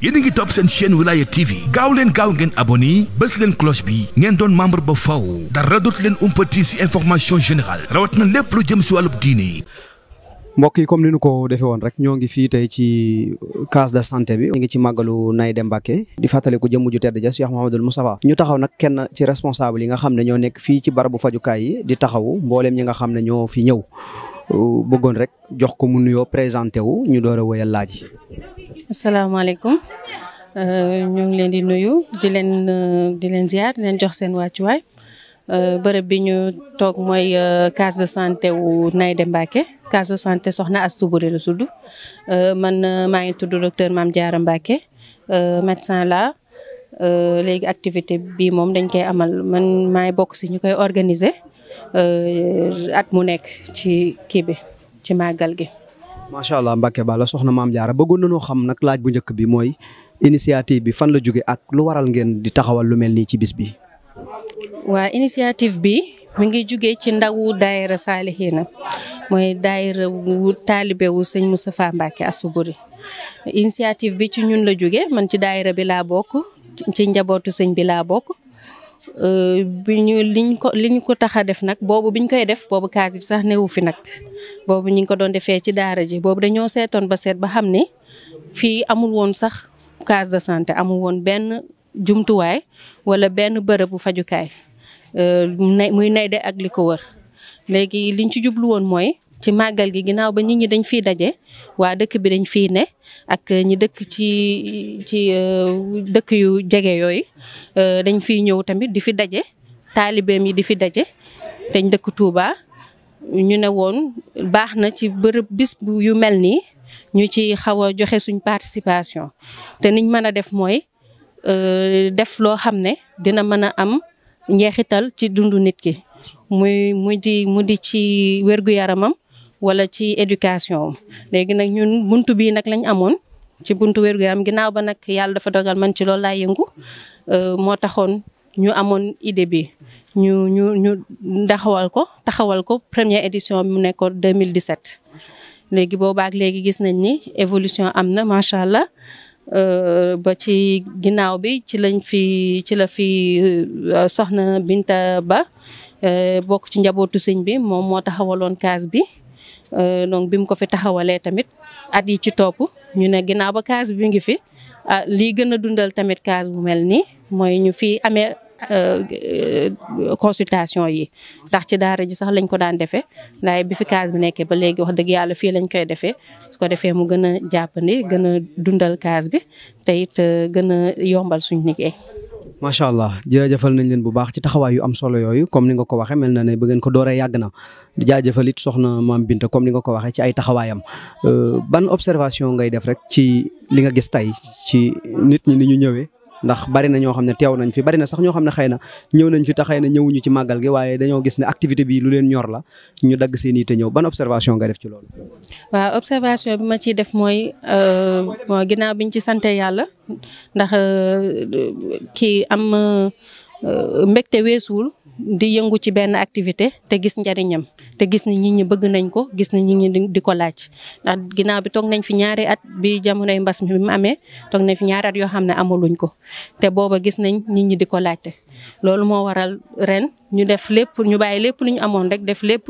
yéen a ngi topp seen chaîne wilaya tv gaaw leen gaaw ngeen abonné bés leen cloche bi ngeen doon membre ba faw dara dootu leen umpati si information générale rawat na lépp lu jëm si wàllub diini mbokk yi comme ni ñu ko defee woon rek ñoo ngi fii tey ci case de santé bi ñu ngi ci màggalu Naydé Mbacké di fàttaliku jëmm ju tedd ja Cheikh Mouhamadoul Moustapha ñu taxaw nag kenn ci responsable yi nga xam ne ñoo nekk fii ci barabu fajukaay yi di taxaw mbooleem ñi nga xam ne ñoo fi ñëw bëggoon rek jox ko mu nuyoo présenté wu ñu door a wëyal laaj yi. asalaamaaleykum euh, ñoo ngi leen di nuyu di leen euh, di leen ziar di leen jox seen wàccuwaay euh, bërëb bi ñu toog mooy case de santé wu Naydé Mbacké case de santé soxna Astou Boury la tudd man maa ngi tudd docteur Mame Diarra Mbacké médecin la Euh, léegi activité bi moom dañ koy amal man maay bokk si ñu koy organiser euh, at mu nekk ci kii bi ci màggal gi. macha allah Mbacke bala soxna maam Diarra bëggoon nañoo xam nag laaj bu njëkk bi mooy initiative bi fan la jóge ak lu waral ngeen di taxawal lu mel nii ci bis bi. waa initiative bi mi ngi jóge ci ndawu daayira Salihina mooy daayira wu taalibe wu sëñ Moustapha Mbacke Asuburi initiative bi ci ñun la jóge man ci daayira bi laa bokk. ci njabootu sëñ bi laa bokk euh, bi ñu liñ ko liñ ko tax a def nag boobu biñ koy def boobu kaas bi sax newu fi nag boobu ñu ngi ko doon defee ci daara ji boobu dañoo seetoon ba seet ba xam ne fii amul woon sax case de santé amul woon benn jumtuwaay wala benn bërëbu fajukaay euh, muy nay de ak li ko wër léegi liñ ci jublu woon mooy ci màggal gi ginnaaw ba nit ñi dañ fiy daje waa dëkk bi dañ fiy ne ak ñi dëkk ci ci euh, dëkk yu jege yooyu euh, dañ fi ñëw tamit di fi daje taalibeem yi di fi daje dañ dëkk Touba ñu ne woon baax na ci bërëb bis yu mel ni ñu ci xaw a joxe suñ participation te niñ mën a def mooy euh, def loo xam ne dina mën a am njeexital ci dundu nit ki muy mu di mu di ci wérgu yaramam wala ci éducation léegi nag ñun bunt bii nag lañ amoon ci buntu wér-gu-yaram ginnaaw ba nag yàlla dafa dogal man ci loolu laay yëngu euh, moo taxoon ñu amoon idée bi ñu ñu ñu ndaxawal ko taxawal ko première édition bi mu nekkoon 2017 léegi boobaak léegi gis nañ ni évolution am na macha allah euh, ba ci ginnaaw bi ci lañ fi ci la fi euh, soxna Binta Ba bokk ci njabootu sëñ bi moom moo taxawaloon kaas bi. Euh, donc bi mu ko fi taxawalee tamit at yi ci topp ñu ne ginnaaw ba case bi ngi fi ah, lii gën a dundal tamit case bu mel nii mooy ñu fi amee euh, consultation yi ndax ci daara ji sax lañ ko daan defee ndaay bi fi case bi nekkee ba léegi wax dëgg yàlla fii lañ koy defee su ko defee mu gën a jàppandi gën a dundal case bi te it euh, gën a yombal suñu liggéey. macha allah jëfal nañ leen bu baax ci taxawaay yu am solo yooyu comme ni nga ko waxee mel na ne ba ngeen ko dooree yàgg na jaajëfal it soxna maam Binta comme ni nga ko waxee ci ay taxawaayam euh, ban observation ngay def rek ci li nga gis tey ci nit ñi ni ñu ñëwee ndax bari na ñoo xam ne teew nañ fi bari na sax ñoo xam ne xëy na ñëw nañ fi te xëy na ñu ci màggal gi waaye dañoo gis ne activité bi lu leen ñor la ñu dagg seen i te ñëw ban observation ga def ci loolu. waaw observation bi ma ciy def mooy euh, ginnaaw biñ ci sante yàlla ndax euh, kii am. Euh, mbégte weesuwul di yëngu ci benn activité te gis njariñam te gis ni nit ñi bëgg nañ ko gis ni nit ñi di ko laaj ginnaaw bi toog nañ fi ñaari at bi jamonoy mbas mi mu amee toog nañ fi ñaari at yoo xam ne amaluñ ko te booba gis nañ nit ñi di ko laajte loolu moo waral ren ñu def lépp ñu bàyyi lépp lu ñu amoon rek def lépp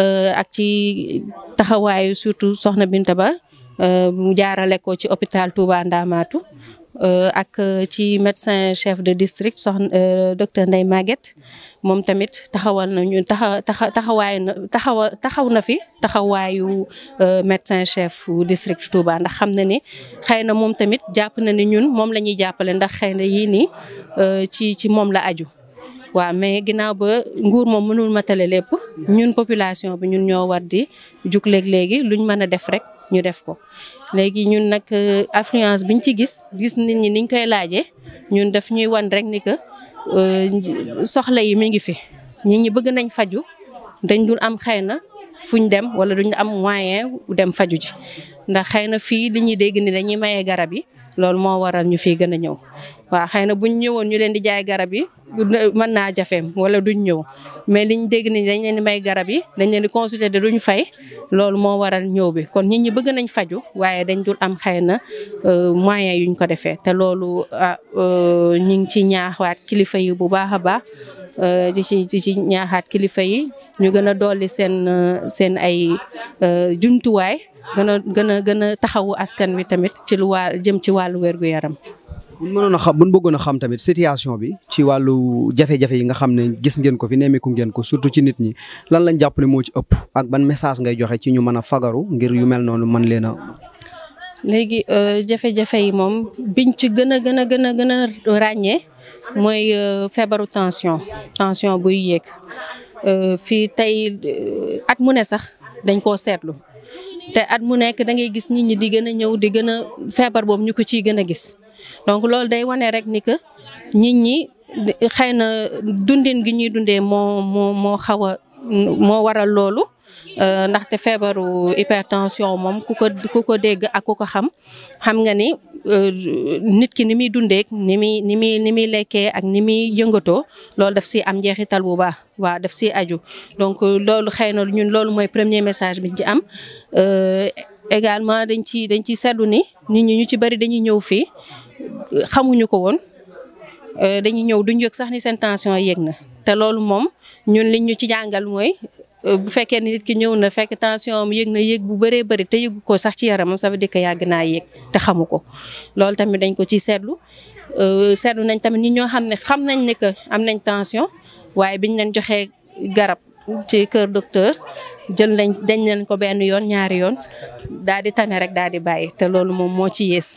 euh, ak ci taxawaayu surtout soxna Binta Ba euh, mu jaarale ko ci hôpital Touba Euh, ak euh, ci médecin chef de district soxna euh, docteur Ndeye Maguette moom tamit taxawal nañu taxa taxa taxawaay na taxawa taxaw na fi taxawaayu médecin chef district Touba ndax xam na ni xëy na moom tamit jàpp na ni ñun moom la ñuy jàppale ndax xëy na yii nii ci ci moom la aju. waaw mais ginnaaw ba nguur moom mënul matale lépp ñun population bi ñun ñoo war di jug léeg-léegi luñ mën a def rek ñu def ko léegi ñun nag euh, affluence biñ ci gis gis nit ñi niñ koy laajee ñun daf ñuy wan rek ni que euh, soxla yi mi ngi fi nit ñi bëgg nañ faju dañ dul am xëy na ñu dem wala ñu am moyen dem faju ji ndax xëy na fii li ñuy dégg ni dañuy maye garab yi loolu moo waral ñu fii gën a ñëw waaw xëy na buñ ñëwoon ñu leen di jaay garab yi mën naa jafeem wala duñ ñëw mais liñ dégg ni dañ leen di may garab yi dañ leen di consulter de duñ fay loolu moo waral ñëw bi kon nit ñi bëgg nañ faju waaye dañ dul am xëy na euh, moyen yuñ ko defee te loolu ah, euh, ñu ngi ci ñaaxwaat kilifa yi bu baax a baax Euh, di ci di ci ñaaxaat kilifa yi ñu gën a dolli seen seen ay euh, jumtuwaay gën a gën a gën a taxawu askan wi tamit ci lu waa jëm ci wàllu weer gu yaram bu ñu mënoon a xam bu ñu bëggoon a xam tamit situation bi ci wàllu jafe-jafe yi nga xam ne gis ngeen ko fi nemmeeku ngeen ko surtout ci nit ñi lan lañ jàpp ne moo ci ëpp ak ban message ngay joxe ci ñu mën a fagaru ngir yu mel noonu mën leen léegi euh, jafe-jafe yi moom biñ ci gën a gën a gën a gën a ràññee mooy euh, feebaru tension tension buy yéeg euh, fii tey at mu ne sax dañ koo seetlu te at mu nekk da ngay gis nit ñi di gën a ñëw di gën a feebar boobu ñu ko ciy gën a gis donc loolu day wane rek ni que nit ñi xëy na dundin gi ñuy dundee moo moo moo xaw a moo waral loolu Euh, ndaxte feebaru hypertension moom ku ko ku ko dégg ak ku ko xam xam nga ni euh, nit ki ni muy dundeek ni muy ni muy ni muy lekkee ak ni muy yëngatoo loolu def si am njeexital bu baax waa def si aju donc euh, loolu xëy na ñun loolu mooy premier message biñ ci am également dañ ci dañ ci seddu ni nit ñi ñu ci bëri dañuy ñëw fii xamuñu ko woon dañuy ñëw duñ yëg sax ni seen tension yéeg na te loolu moom ñun liñ ci jàngal mooy Euh, bu fekkee ni nit ki ñëw na fekk tension am yëg na yëg bu bëree bëri te yëgu ko sax ci yaramam ça veut dire que yàgg naa yëg te xamu ko loolu tamit dañ ko ci seetlu euh, seetlu nañ tamit nit ñoo xam ne xam nañ ne que am nañ tension waaye biñ leen joxee garab ci kër docteur jël nañ dañ leen ko benn yoon ñaari yoon daal di tane rek daal di bàyyi te loolu moom moo ci yées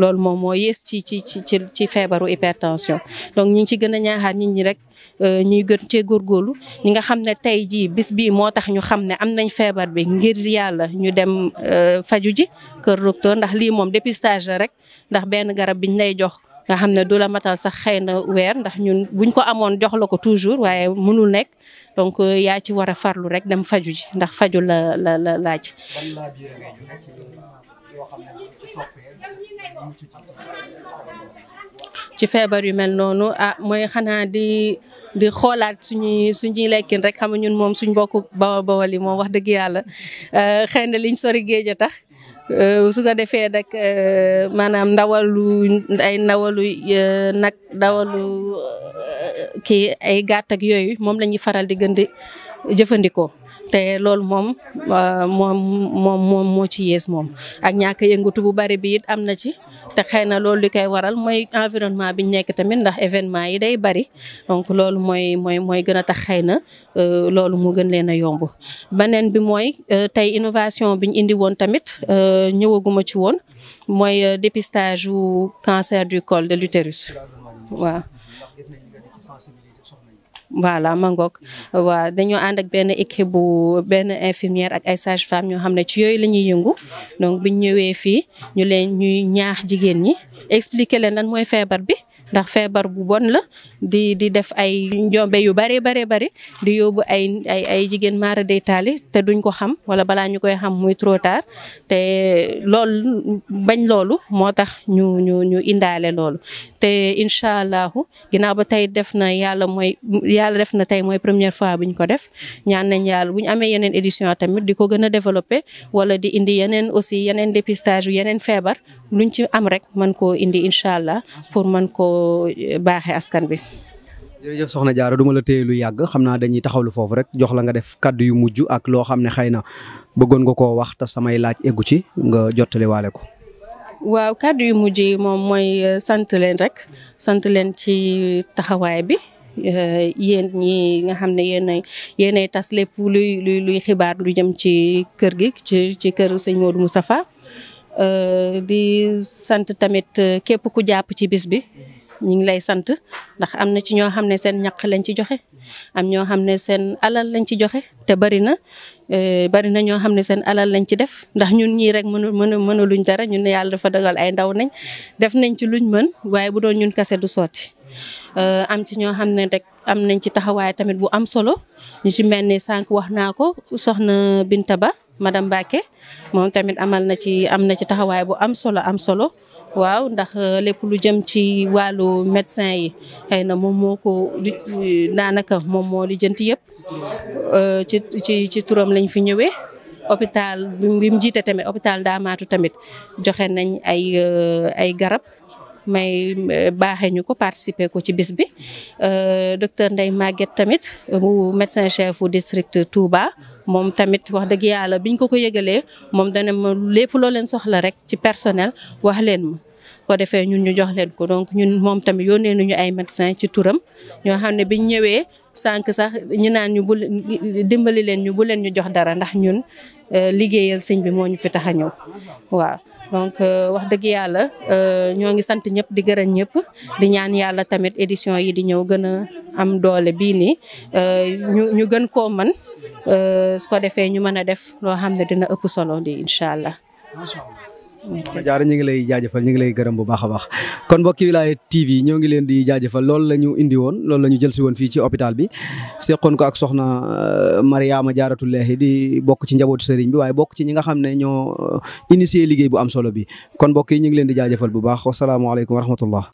loolu moom moo yées ci ci ci ci feebaru hypertension donc ñu ngi ci gën a ñaaxaat nit ñi rek euh, ñuy gën cee góorlu ñi nga xam ne tey jii bis bii moo tax ñu xam ne am nañ feebar bi ngir yàlla ñu dem euh, faju ji kër docteur ndax lii moom dépistage la rek ndax benn garab biñ lay jox. nga xam ne du la matal sax xëy na weer ndax ñun buñ ko amoon jox la ko toujours waaye mënul nekk donc euh, yaa ci war a farlu rek dem faju ji ndax faju la la la laaj. ci feebar yu mel noonu ah mooy xanaa di di xoolaat suñ suñuy lekkin rek xam ñun moom suñ mbokku bawal bawal moom wax dëgg yàlla euh, liñ sori géej tax. Euh, su ko defee nag euh, maanaam ndawalu ay ndawalu euh, nag ndawalu kii ay gàtt yooyu moom lañuy faral di gën di jëfandikoo. te loolu moom moom moom moom moo ci yées moom ak ñàkk yëngatu bu bari bi it am na ci te xëy na loolu li koy waral mooy environnement bi ñu nekk tamit ndax événement yi day bari donc loolu mooy mooy mooy gën a tax xëy na euh, loolu moo gën leen a yomb. beneen bi mooy euh, tey innovation bi ñu indi woon tamit euh, ñëwaguma ci woon mooy dépistage wu cancer du col de l'utérus waaw. voilà ma ngoog waaw dañoo ànd ak benn équipe bu benn infirmière ak ay sage femme ñoo xam ne ci yooyu la ñuy yëngu donc biñ ñëwee fii ñu leen ñuy ñaax jigéen ñi expliquer leen lan mooy feebar bi ndax feebar bu bon la di di def ay njombe yu bare bare bare di yóbbu ay ay ay jigéen maara day taali te duñ ko xam wala balaa ñu koy xam muy trop tard te loolu bañ loolu moo tax ñu ñu ñu indaale loolu te incha allahu ginnaaw ba tey def na yàlla mooy yàlla def na tey mooy première fois buñ ko def ñaan nañ yàlla bu ñu amee yeneen édition tamit di ko gën a développer wala di indi yeneen aussi yeneen dépistage yeneen feebar luñ ci am rek mën koo indi incha allah pour mën koo baaxe askan bi. jërëjëf soxna Diarra la téye lu yàgg xam naa dañuy taxawlu foofu rek jox la nga def kàddu yu mujj ak loo xam ne xëy na bëggoon nga ko wax te samay laaj eggu ci nga jottali waale ko. waaw kàddu yu mujj yi moom mooy euh, sant leen rek sant leen ci taxawaay bi. Euh, yéen ñi nga xam ne yéenay yéenay tas lépp luy luy luy xibaar lu jëm ci kër gi ci ci kër sëñ Modou Moustapha euh, di sant tamit képp ku jàpp ci bis bi ñu ngi lay sant ndax am na ci ñoo xam ne seen ñaq lañ ci joxe am ñoo xam ne seen alal lañ ci joxe te bari na eh, bari na ñoo xam ne seen alal lañ ci def ndax ñun ñii rek mënu mënu mënu luñ dara ñun ne yàlla dafa dagal ay ndaw nañ def nañ ci luñ mën waaye bu doon ñun kase du sotti eh, am ci ñoo xam ne rek am nañ ci taxawaay tamit bu am solo ñu ci mel ni sànq wax naa ko soxna Binta Ba madame Mbacke moom tamit amal na ci am na ci taxawaay bu am solo am solo waaw ndax euh, lépp lu jëm ci wàllu médecin yi xëy na moom moo ko daanaka moom moo di jënt yëpp euh, ci ci turam lañ fi ñëwee. hôpital bi mu jiite tamit hôpital Ndamatou tamit joxe nañ ay euh, ay garab may euh, baaxee ñu ko participer ko ci bis bi euh, docteur Ndeye Maguette tamit mu euh, médecin chef bu district Touba moom tamit wax dëgg yàlla biñ ko ko yëgalee moom dana ma lépp loo leen soxla rek ci personnel wax leen ma ko defee ñun ñu jox leen ko donc ñun moom tamit yónnee nañu ay médecin ci turam ñoo xam ne biñ ñëwee sànq sax ñu naan ñu dimbali leen ñu bu leen ñu jox dara ndax ñun liggéeyal sëñ bi moo ñu fi tax a ñëw waaw donc euh, wax dëgg yàlla euh, ñoo ngi sant ñëpp di gërëm ñëpp di ñaan yàlla tamit édition yi di ñëw gën a am doole bii nii euh, ñu ñu gën koo mën su ko defee ñu mën a def loo xam ne dina ëpp solo di incha allah. soxna Diarra ñu ngi lay jaajëfal ñu ngi lay gërëm bu baax a baax kon mbokki Wilaya TV ñoo ngi leen di jaajëfal loolu la ñu indi woon loolu la ñu jël si woon fii ci hôpital bi seqoon ko ak soxna euh, Mariama Jaaratullahi di bokk ci njabootu sëriñ bi waaye bokk ci ñi nga xam ne ñoo euh, initié liggéey bu am solo bi kon mbokk yi ñu ngi leen di jaajëfal bu baax wasalaamaaleykum wa rahmatullah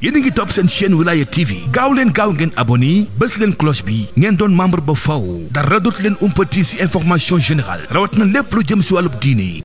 yéen ngi topp seen chaîne Wilaya TV gaaw leen gaaw ngeen abonné bés leen cloche bi ngeen doon membre ba faw dara dootu leen umpati ci information général rawat na lépp lu jëm ci wàllu diini